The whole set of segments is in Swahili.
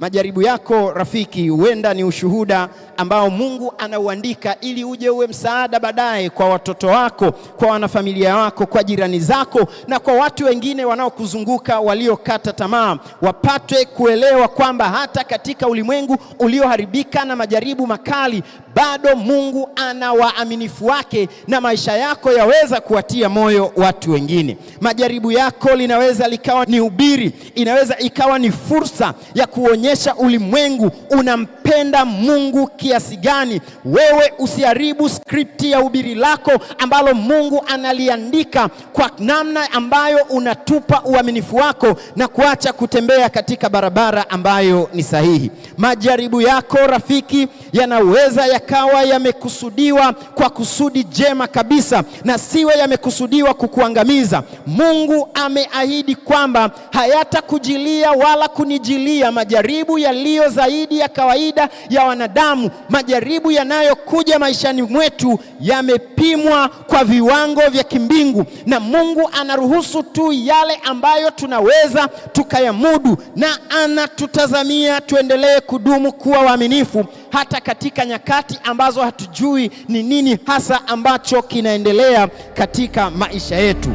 Majaribu yako rafiki, huenda ni ushuhuda ambao Mungu anauandika ili uje uwe msaada baadaye kwa watoto wako, kwa wanafamilia wako, kwa jirani zako na kwa watu wengine wanaokuzunguka waliokata tamaa, wapatwe kuelewa kwamba hata katika ulimwengu ulioharibika na majaribu makali bado Mungu ana waaminifu wake, na maisha yako yaweza kuwatia moyo watu wengine. Majaribu yako linaweza likawa ni ubiri, inaweza ikawa ni fursa ya kuonyesha ulimwengu unampenda Mungu kiasi gani. Wewe usiharibu skripti ya ubiri lako ambalo Mungu analiandika kwa namna ambayo unatupa uaminifu wako na kuacha kutembea katika barabara ambayo ni sahihi. Majaribu yako rafiki, yanaweza ya yakawa yamekusudiwa kwa kusudi jema kabisa, na siwe yamekusudiwa kukuangamiza. Mungu ameahidi kwamba hayatakujilia wala kunijilia majaribu yaliyo zaidi ya kawaida ya wanadamu. Majaribu yanayokuja maishani mwetu yamepimwa kwa viwango vya kimbingu, na Mungu anaruhusu tu yale ambayo tunaweza tukayamudu, na anatutazamia tuendelee kudumu kuwa waaminifu hata katika nyakati ambazo hatujui ni nini hasa ambacho kinaendelea katika maisha yetu.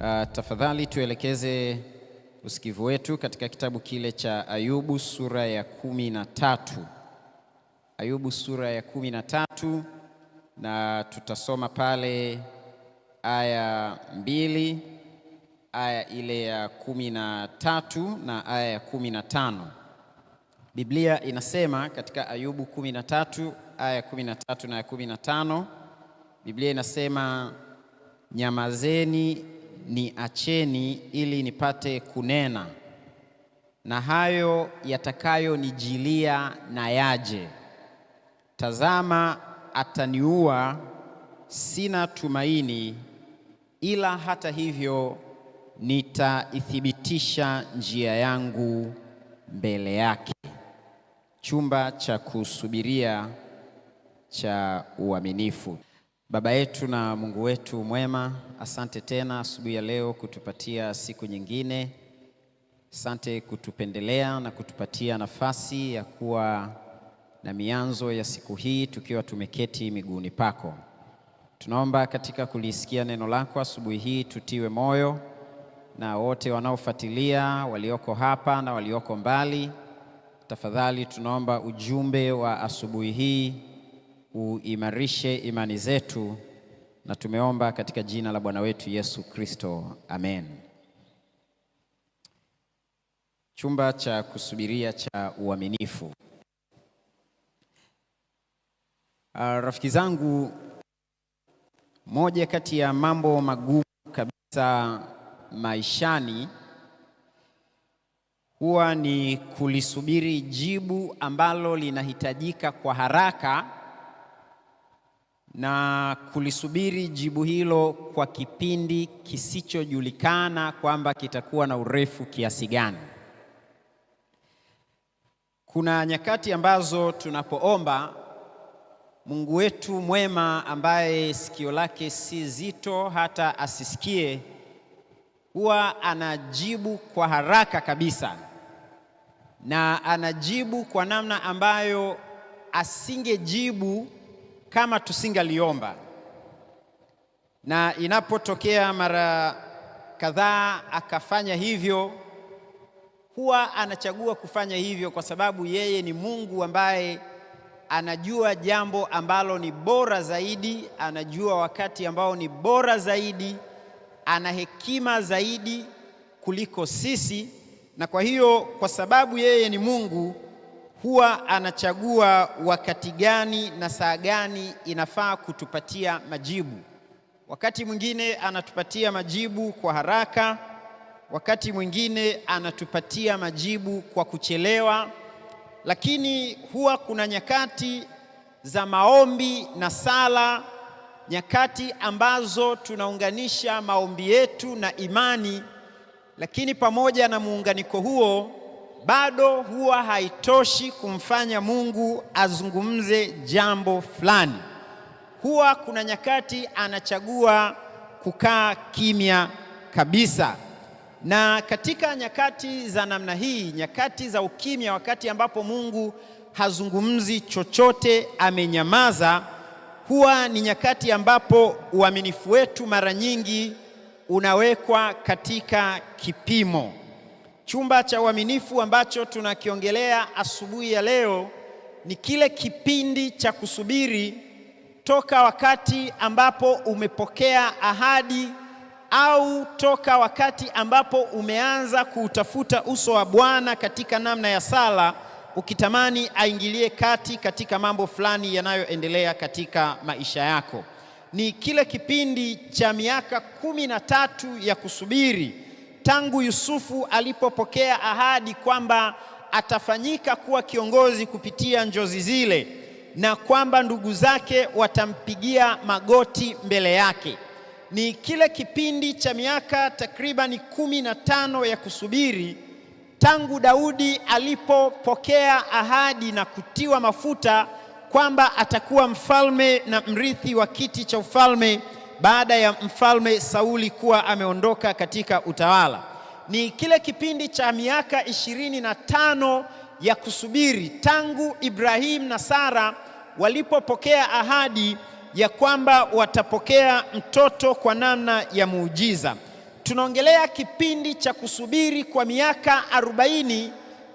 Uh, tafadhali tuelekeze usikivu wetu katika kitabu kile cha Ayubu sura ya kumi na tatu. Ayubu sura ya kumi na tatu na tutasoma pale aya mbili aya ile ya kumi na tatu na aya ya kumi na tano Biblia inasema katika Ayubu kumi na tatu aya ya kumi na tatu na ya kumi na tano Biblia inasema nyamazeni ni acheni ili nipate kunena na hayo yatakayonijilia na yaje. Tazama, ataniua sina tumaini ila hata hivyo nitaithibitisha njia yangu mbele yake. Chumba cha kusubiria cha uaminifu. Baba yetu na Mungu wetu mwema, asante tena asubuhi ya leo kutupatia siku nyingine. Asante kutupendelea na kutupatia nafasi ya kuwa na mianzo ya siku hii tukiwa tumeketi miguuni pako. Tunaomba katika kulisikia neno lako asubuhi hii tutiwe moyo na wote wanaofuatilia walioko hapa na walioko mbali. Tafadhali tunaomba ujumbe wa asubuhi hii uimarishe imani zetu, na tumeomba katika jina la Bwana wetu Yesu Kristo, amen. Chumba cha kusubiria cha uaminifu. Uh, rafiki zangu moja kati ya mambo magumu kabisa maishani huwa ni kulisubiri jibu ambalo linahitajika kwa haraka na kulisubiri jibu hilo kwa kipindi kisichojulikana kwamba kitakuwa na urefu kiasi gani. Kuna nyakati ambazo tunapoomba Mungu wetu mwema ambaye sikio lake si zito hata asisikie, huwa anajibu kwa haraka kabisa, na anajibu kwa namna ambayo asingejibu kama tusingaliomba. Na inapotokea mara kadhaa akafanya hivyo, huwa anachagua kufanya hivyo kwa sababu yeye ni Mungu ambaye anajua jambo ambalo ni bora zaidi, anajua wakati ambao ni bora zaidi, ana hekima zaidi kuliko sisi. Na kwa hiyo, kwa sababu yeye ni Mungu, huwa anachagua wakati gani na saa gani inafaa kutupatia majibu. Wakati mwingine anatupatia majibu kwa haraka, wakati mwingine anatupatia majibu kwa kuchelewa. Lakini huwa kuna nyakati za maombi na sala, nyakati ambazo tunaunganisha maombi yetu na imani. Lakini pamoja na muunganiko huo, bado huwa haitoshi kumfanya Mungu azungumze jambo fulani. Huwa kuna nyakati anachagua kukaa kimya kabisa. Na katika nyakati za namna hii, nyakati za ukimya, wakati ambapo Mungu hazungumzi chochote, amenyamaza, huwa ni nyakati ambapo uaminifu wetu mara nyingi unawekwa katika kipimo. Chumba cha uaminifu ambacho tunakiongelea asubuhi ya leo ni kile kipindi cha kusubiri toka wakati ambapo umepokea ahadi au toka wakati ambapo umeanza kuutafuta uso wa Bwana katika namna ya sala, ukitamani aingilie kati katika mambo fulani yanayoendelea katika maisha yako. Ni kile kipindi cha miaka kumi na tatu ya kusubiri tangu Yusufu alipopokea ahadi kwamba atafanyika kuwa kiongozi kupitia njozi zile na kwamba ndugu zake watampigia magoti mbele yake ni kile kipindi cha miaka takribani kumi na tano ya kusubiri tangu Daudi alipopokea ahadi na kutiwa mafuta kwamba atakuwa mfalme na mrithi wa kiti cha ufalme baada ya mfalme Sauli kuwa ameondoka katika utawala. Ni kile kipindi cha miaka ishirini na tano ya kusubiri tangu Ibrahim na Sara walipopokea ahadi ya kwamba watapokea mtoto kwa namna ya muujiza. Tunaongelea kipindi cha kusubiri kwa miaka arobaini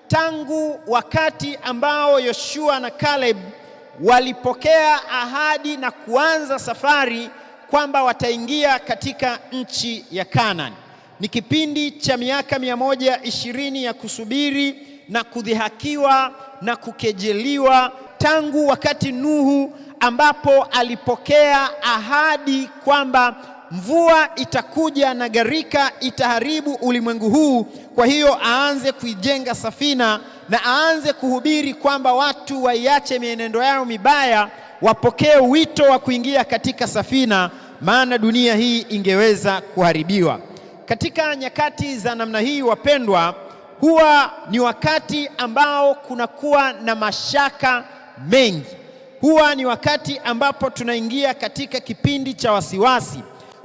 tangu wakati ambao Yoshua na Caleb walipokea ahadi na kuanza safari kwamba wataingia katika nchi ya Kanani. Ni kipindi cha miaka mia moja ishirini ya kusubiri na kudhihakiwa na kukejeliwa tangu wakati Nuhu ambapo alipokea ahadi kwamba mvua itakuja na gharika itaharibu ulimwengu huu. Kwa hiyo aanze kuijenga safina na aanze kuhubiri kwamba watu waiache mienendo yao mibaya, wapokee wito wa kuingia katika safina, maana dunia hii ingeweza kuharibiwa. Katika nyakati za namna hii, wapendwa, huwa ni wakati ambao kunakuwa na mashaka mengi huwa ni wakati ambapo tunaingia katika kipindi cha wasiwasi.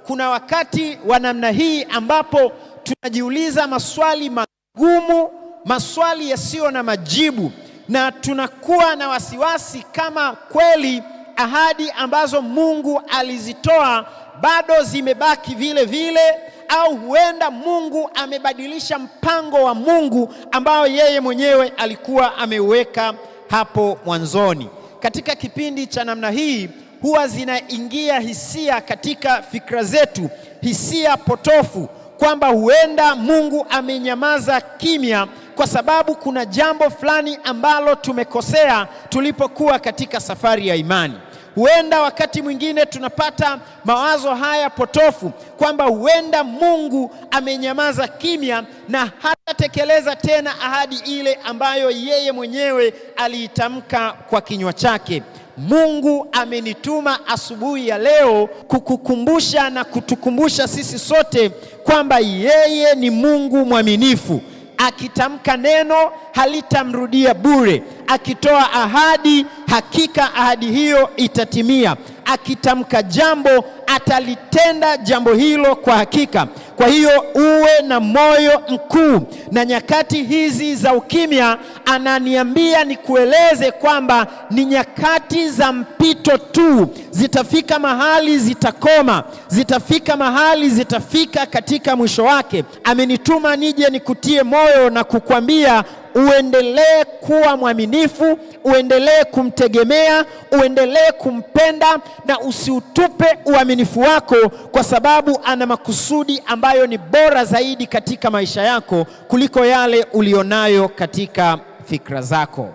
Kuna wakati wa namna hii ambapo tunajiuliza maswali magumu, maswali yasiyo na majibu, na tunakuwa na wasiwasi kama kweli ahadi ambazo Mungu alizitoa bado zimebaki vile vile au huenda Mungu amebadilisha mpango wa Mungu ambao yeye mwenyewe alikuwa ameuweka hapo mwanzoni katika kipindi cha namna hii huwa zinaingia hisia katika fikra zetu, hisia potofu kwamba huenda Mungu amenyamaza kimya kwa sababu kuna jambo fulani ambalo tumekosea tulipokuwa katika safari ya imani. Huenda wakati mwingine tunapata mawazo haya potofu kwamba huenda Mungu amenyamaza kimya na hatatekeleza tena ahadi ile ambayo yeye mwenyewe aliitamka kwa kinywa chake. Mungu amenituma asubuhi ya leo kukukumbusha na kutukumbusha sisi sote kwamba yeye ni Mungu mwaminifu. Akitamka neno halitamrudia bure, akitoa ahadi hakika ahadi hiyo itatimia. Akitamka jambo atalitenda jambo hilo kwa hakika. Kwa hiyo uwe na moyo mkuu, na nyakati hizi za ukimya ananiambia nikueleze kwamba ni nyakati za mpito tu. Zitafika mahali zitakoma, zitafika mahali zitafika katika mwisho wake. Amenituma nije nikutie moyo na kukwambia uendelee kuwa mwaminifu, uendelee kumtegemea, uendelee kumpenda na usiutupe uaminifu wako, kwa sababu ana makusudi ambayo ni bora zaidi katika maisha yako kuliko yale ulionayo katika fikra zako.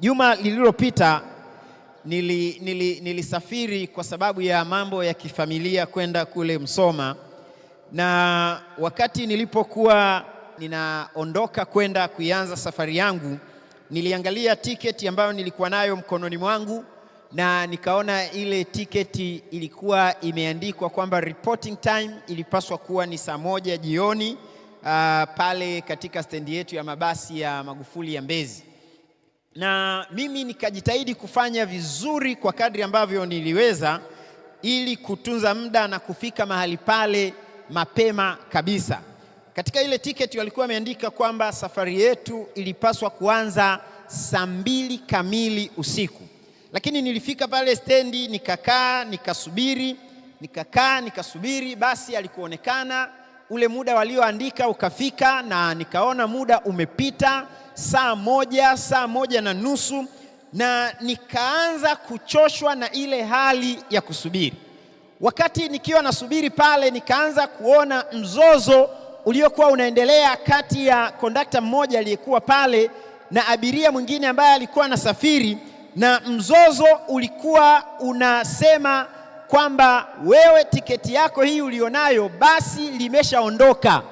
Juma lililopita nili, nili, nilisafiri kwa sababu ya mambo ya kifamilia kwenda kule Msoma, na wakati nilipokuwa ninaondoka kwenda kuianza safari yangu, niliangalia tiketi ambayo nilikuwa nayo mkononi mwangu na nikaona ile tiketi ilikuwa imeandikwa kwamba reporting time ilipaswa kuwa ni saa moja jioni uh, pale katika stendi yetu ya mabasi ya Magufuli ya Mbezi, na mimi nikajitahidi kufanya vizuri kwa kadri ambavyo niliweza ili kutunza muda na kufika mahali pale mapema kabisa. Katika ile tiketi walikuwa wameandika kwamba safari yetu ilipaswa kuanza saa mbili kamili usiku, lakini nilifika pale stendi nikakaa nikasubiri nikakaa nikasubiri, basi alikuonekana ule muda walioandika ukafika, na nikaona muda umepita saa moja, saa moja na nusu, na nikaanza kuchoshwa na ile hali ya kusubiri. Wakati nikiwa nasubiri pale, nikaanza kuona mzozo uliokuwa unaendelea kati ya kondakta mmoja aliyekuwa pale na abiria mwingine ambaye alikuwa anasafiri, na mzozo ulikuwa unasema kwamba wewe, tiketi yako hii ulionayo basi limeshaondoka,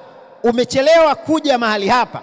umechelewa kuja mahali hapa.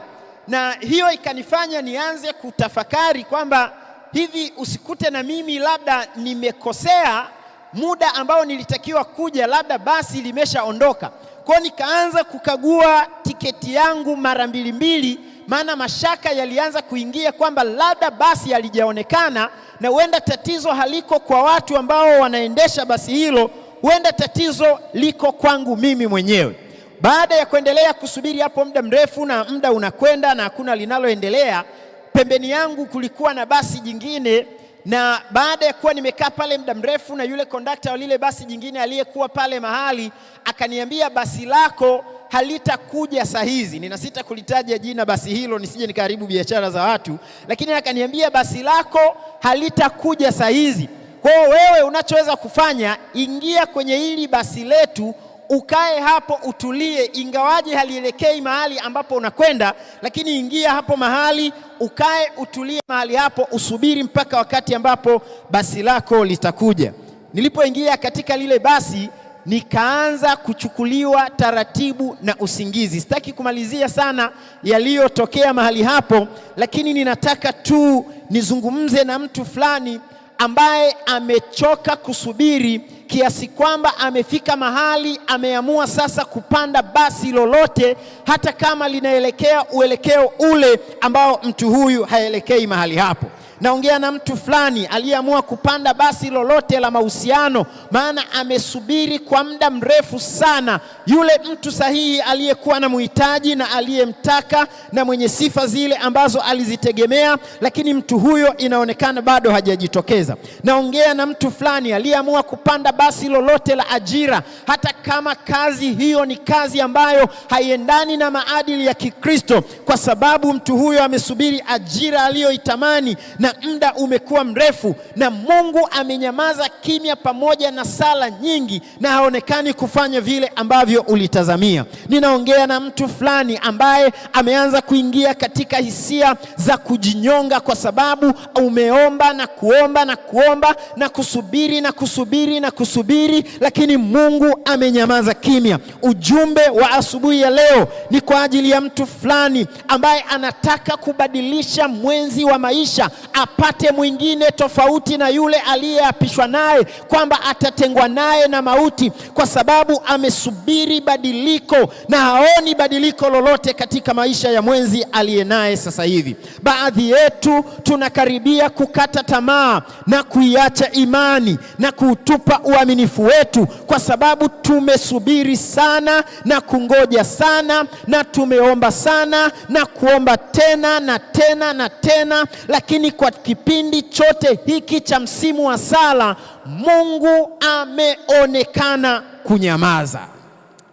Na hiyo ikanifanya nianze kutafakari kwamba hivi usikute na mimi labda nimekosea muda ambao nilitakiwa kuja, labda basi limeshaondoka. Kwa nikaanza kukagua tiketi yangu mara mbili mbili, maana mashaka yalianza kuingia kwamba labda basi halijaonekana, na huenda tatizo haliko kwa watu ambao wanaendesha basi hilo, huenda tatizo liko kwangu mimi mwenyewe. Baada ya kuendelea kusubiri hapo muda mrefu na muda unakwenda na hakuna linaloendelea, pembeni yangu kulikuwa na basi jingine na baada ya kuwa nimekaa pale muda mrefu, na yule kondakta wa lile basi jingine aliyekuwa pale mahali akaniambia, basi lako halitakuja saa hizi. Ninasita kulitaja jina basi hilo nisije nikaharibu biashara za watu, lakini akaniambia, basi lako halitakuja saa hizi. Kwa hiyo wewe unachoweza kufanya, ingia kwenye hili basi letu ukae hapo utulie, ingawaje halielekei mahali ambapo unakwenda, lakini ingia hapo mahali ukae utulie mahali hapo, usubiri mpaka wakati ambapo basi lako litakuja. Nilipoingia katika lile basi nikaanza kuchukuliwa taratibu na usingizi. Sitaki kumalizia sana yaliyotokea mahali hapo, lakini ninataka tu nizungumze na mtu fulani ambaye amechoka kusubiri kiasi kwamba amefika mahali ameamua sasa kupanda basi lolote, hata kama linaelekea uelekeo ule ambao mtu huyu haelekei mahali hapo. Naongea na mtu fulani aliyeamua kupanda basi lolote la mahusiano, maana amesubiri kwa muda mrefu sana yule mtu sahihi aliyekuwa na muhitaji na aliyemtaka na mwenye sifa zile ambazo alizitegemea, lakini mtu huyo inaonekana bado hajajitokeza. Naongea na mtu fulani aliyeamua kupanda basi lolote la ajira, hata kama kazi hiyo ni kazi ambayo haiendani na maadili ya Kikristo, kwa sababu mtu huyo amesubiri ajira aliyoitamani na na muda umekuwa mrefu, na Mungu amenyamaza kimya pamoja na sala nyingi, na haonekani kufanya vile ambavyo ulitazamia. Ninaongea na mtu fulani ambaye ameanza kuingia katika hisia za kujinyonga, kwa sababu umeomba na kuomba na kuomba na kusubiri na kusubiri na kusubiri, lakini Mungu amenyamaza kimya. Ujumbe wa asubuhi ya leo ni kwa ajili ya mtu fulani ambaye anataka kubadilisha mwenzi wa maisha apate mwingine tofauti na yule aliyeapishwa naye, kwamba atatengwa naye na mauti, kwa sababu amesubiri badiliko na haoni badiliko lolote katika maisha ya mwenzi aliye naye sasa hivi. Baadhi yetu tunakaribia kukata tamaa na kuiacha imani na kuutupa uaminifu wetu, kwa sababu tumesubiri sana na kungoja sana na tumeomba sana na kuomba tena na tena na tena, lakini kwa kwa kipindi chote hiki cha msimu wa sala Mungu ameonekana kunyamaza.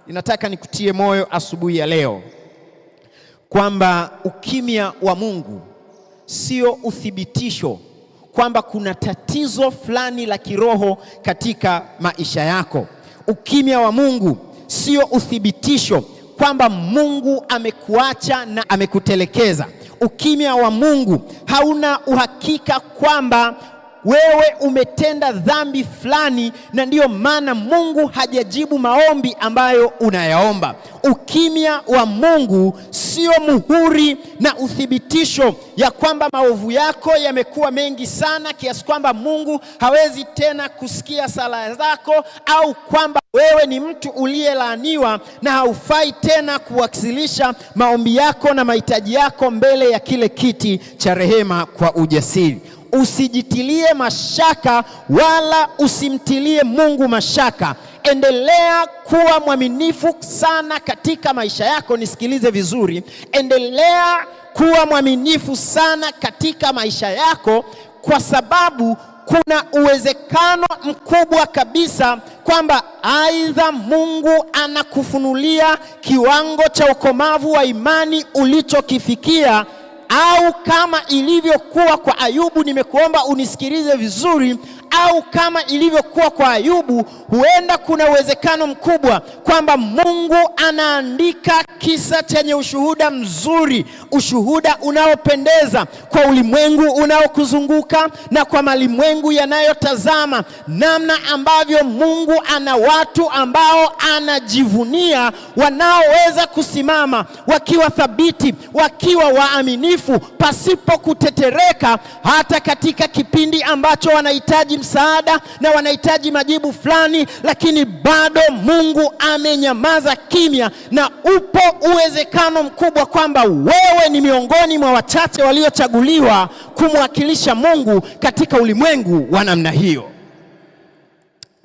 Ninataka nikutie moyo asubuhi ya leo kwamba ukimya wa Mungu sio uthibitisho kwamba kuna tatizo fulani la kiroho katika maisha yako. Ukimya wa Mungu sio uthibitisho kwamba Mungu amekuacha na amekutelekeza ukimya wa Mungu hauna uhakika kwamba wewe umetenda dhambi fulani, na ndiyo maana Mungu hajajibu maombi ambayo unayaomba. Ukimya wa Mungu sio muhuri na uthibitisho ya kwamba maovu yako yamekuwa mengi sana kiasi kwamba Mungu hawezi tena kusikia sala zako, au kwamba wewe ni mtu uliyelaaniwa na haufai tena kuwasilisha maombi yako na mahitaji yako mbele ya kile kiti cha rehema kwa ujasiri usijitilie mashaka wala usimtilie Mungu mashaka. Endelea kuwa mwaminifu sana katika maisha yako. Nisikilize vizuri, endelea kuwa mwaminifu sana katika maisha yako, kwa sababu kuna uwezekano mkubwa kabisa kwamba aidha Mungu anakufunulia kiwango cha ukomavu wa imani ulichokifikia au kama ilivyokuwa kwa Ayubu. Nimekuomba unisikilize vizuri, au kama ilivyokuwa kwa Ayubu, huenda kuna uwezekano mkubwa kwamba Mungu anaandika kisa chenye ushuhuda mzuri, ushuhuda unaopendeza kwa ulimwengu unaokuzunguka na kwa malimwengu yanayotazama, namna ambavyo Mungu ana watu ambao anajivunia, wanaoweza kusimama wakiwa thabiti, wakiwa waaminifu, pasipo kutetereka, hata katika kipindi ambacho wanahitaji msaada na wanahitaji majibu fulani, lakini bado Mungu amenyamaza kimya, na upo uwezekano mkubwa kwamba wewe ni miongoni mwa wachache waliochaguliwa kumwakilisha Mungu katika ulimwengu wa namna hiyo.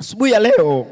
Asubuhi ya leo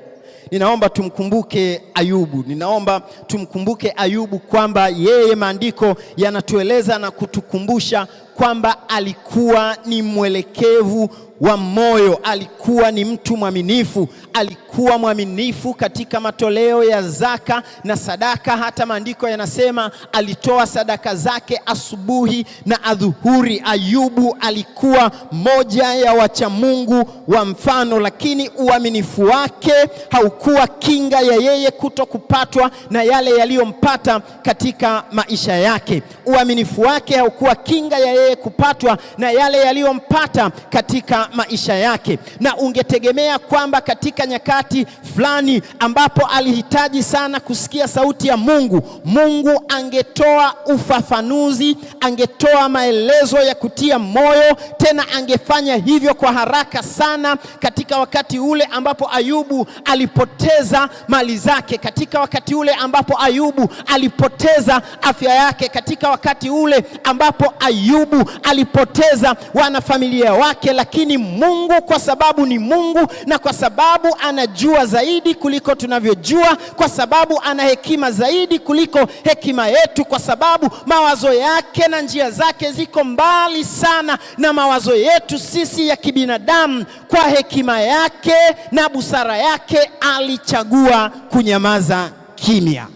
ninaomba tumkumbuke Ayubu, ninaomba tumkumbuke Ayubu kwamba yeye, maandiko yanatueleza na kutukumbusha kwamba alikuwa ni mwelekevu wa moyo. Alikuwa ni mtu mwaminifu, alikuwa mwaminifu katika matoleo ya zaka na sadaka. Hata maandiko yanasema alitoa sadaka zake asubuhi na adhuhuri. Ayubu alikuwa moja ya wacha Mungu wa mfano, lakini uaminifu wake haukuwa kinga ya yeye kuto kupatwa na yale yaliyompata katika maisha yake. Uaminifu wake haukuwa kinga ya yeye kupatwa na yale yaliyompata katika maisha yake, na ungetegemea kwamba katika nyakati fulani ambapo alihitaji sana kusikia sauti ya Mungu, Mungu angetoa ufafanuzi, angetoa maelezo ya kutia moyo, tena angefanya hivyo kwa haraka sana katika wakati ule ambapo Ayubu alipoteza mali zake, katika wakati ule ambapo Ayubu alipoteza afya yake, katika wakati ule ambapo Ayubu alipoteza wanafamilia wake, lakini ni Mungu kwa sababu ni Mungu na kwa sababu anajua zaidi kuliko tunavyojua, kwa sababu ana hekima zaidi kuliko hekima yetu, kwa sababu mawazo yake na njia zake ziko mbali sana na mawazo yetu sisi ya kibinadamu. Kwa hekima yake na busara yake alichagua kunyamaza kimya.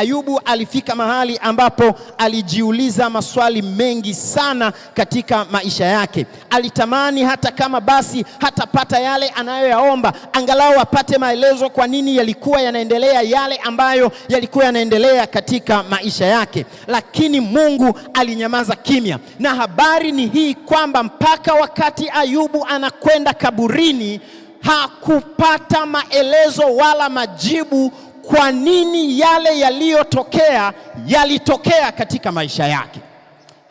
Ayubu alifika mahali ambapo alijiuliza maswali mengi sana katika maisha yake. Alitamani hata kama basi hatapata yale anayoyaomba, angalau apate maelezo kwa nini yalikuwa yanaendelea yale ambayo yalikuwa yanaendelea katika maisha yake, lakini Mungu alinyamaza kimya. Na habari ni hii kwamba mpaka wakati Ayubu anakwenda kaburini hakupata maelezo wala majibu kwa nini yale yaliyotokea yalitokea katika maisha yake.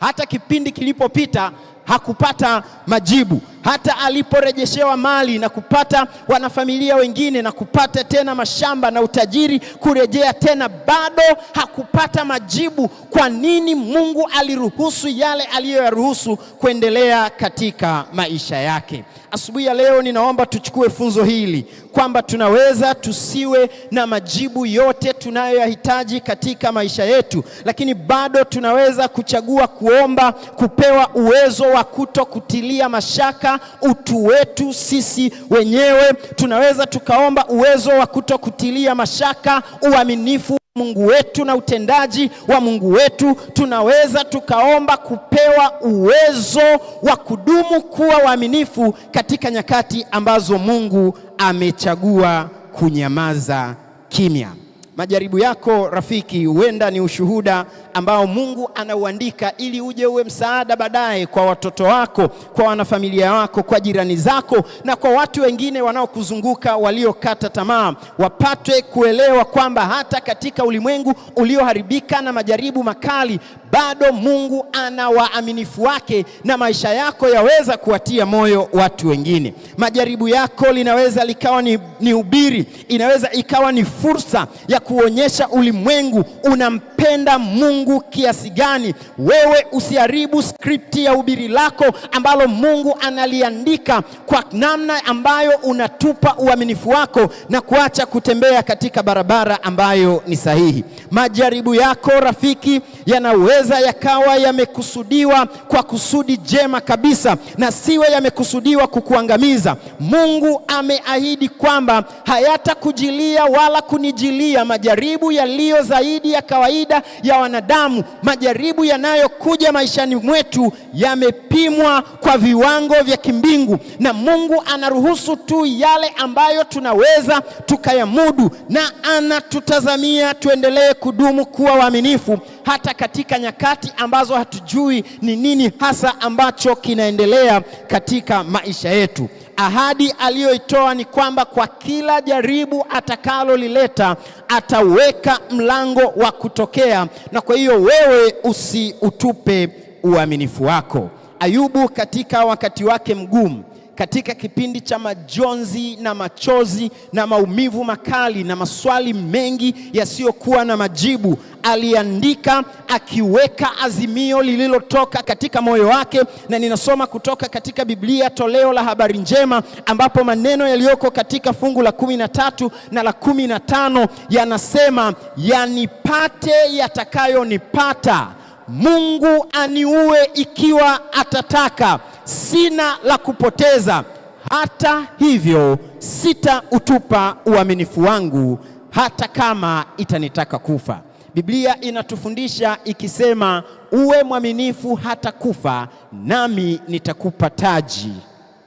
Hata kipindi kilipopita hakupata majibu, hata aliporejeshewa mali na kupata wanafamilia wengine na kupata tena mashamba na utajiri kurejea tena, bado hakupata majibu. Kwa nini Mungu aliruhusu yale aliyoyaruhusu kuendelea katika maisha yake? Asubuhi ya leo ninaomba tuchukue funzo hili kwamba tunaweza tusiwe na majibu yote tunayoyahitaji katika maisha yetu, lakini bado tunaweza kuchagua kuomba, kupewa uwezo wa kutokutilia mashaka katika utu wetu sisi wenyewe. Tunaweza tukaomba uwezo wa kutokutilia mashaka uaminifu Mungu wetu na utendaji wa Mungu wetu. Tunaweza tukaomba kupewa uwezo wa kudumu kuwa waaminifu katika nyakati ambazo Mungu amechagua kunyamaza kimya. Majaribu yako rafiki, huenda ni ushuhuda ambao Mungu anauandika ili uje uwe msaada baadaye kwa watoto wako, kwa wanafamilia wako, kwa jirani zako na kwa watu wengine wanaokuzunguka waliokata tamaa, wapate kuelewa kwamba hata katika ulimwengu ulioharibika na majaribu makali, bado Mungu ana waaminifu wake, na maisha yako yaweza kuwatia moyo watu wengine. Majaribu yako linaweza likawa ni, ni ubiri, inaweza ikawa ni fursa ya kuonyesha ulimwengu unampenda Mungu Mungu kiasi gani. Wewe usiharibu skripti ya ubiri lako ambalo Mungu analiandika kwa namna ambayo unatupa uaminifu wako na kuacha kutembea katika barabara ambayo ni sahihi. Majaribu yako rafiki, yanaweza yakawa yamekusudiwa kwa kusudi jema kabisa, na siwe yamekusudiwa kukuangamiza. Mungu ameahidi kwamba hayatakujilia wala kunijilia majaribu yaliyo zaidi ya kawaida ya wanadamu wanadamu, majaribu yanayokuja maishani mwetu yamepimwa kwa viwango vya kimbingu, na Mungu anaruhusu tu yale ambayo tunaweza tukayamudu, na anatutazamia tuendelee kudumu kuwa waaminifu hata katika nyakati ambazo hatujui ni nini hasa ambacho kinaendelea katika maisha yetu. Ahadi aliyoitoa ni kwamba kwa kila jaribu atakalolileta ataweka mlango wa kutokea, na kwa hiyo wewe usiutupe uaminifu wako. Ayubu katika wakati wake mgumu katika kipindi cha majonzi na machozi na maumivu makali na maswali mengi yasiyokuwa na majibu, aliandika akiweka azimio lililotoka katika moyo wake, na ninasoma kutoka katika Biblia toleo la habari njema, ambapo maneno yaliyoko katika fungu la kumi na tatu na la kumi na tano yanasema, yanipate yatakayonipata, Mungu aniue ikiwa atataka sina la kupoteza, hata hivyo sitautupa uaminifu wangu, hata kama itanitaka kufa. Biblia inatufundisha ikisema, uwe mwaminifu hata kufa, nami nitakupa taji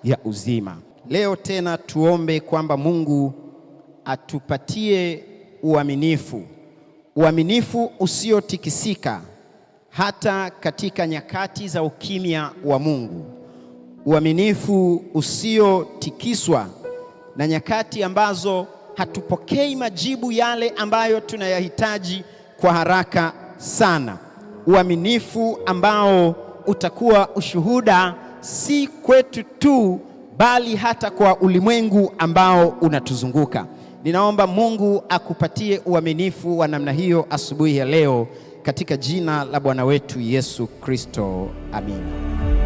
ya uzima. Leo tena tuombe kwamba Mungu atupatie uaminifu, uaminifu usiotikisika hata katika nyakati za ukimya wa Mungu uaminifu usiotikiswa na nyakati ambazo hatupokei majibu yale ambayo tunayahitaji kwa haraka sana, uaminifu ambao utakuwa ushuhuda si kwetu tu, bali hata kwa ulimwengu ambao unatuzunguka. Ninaomba Mungu akupatie uaminifu wa namna hiyo asubuhi ya leo katika jina la Bwana wetu Yesu Kristo, amina.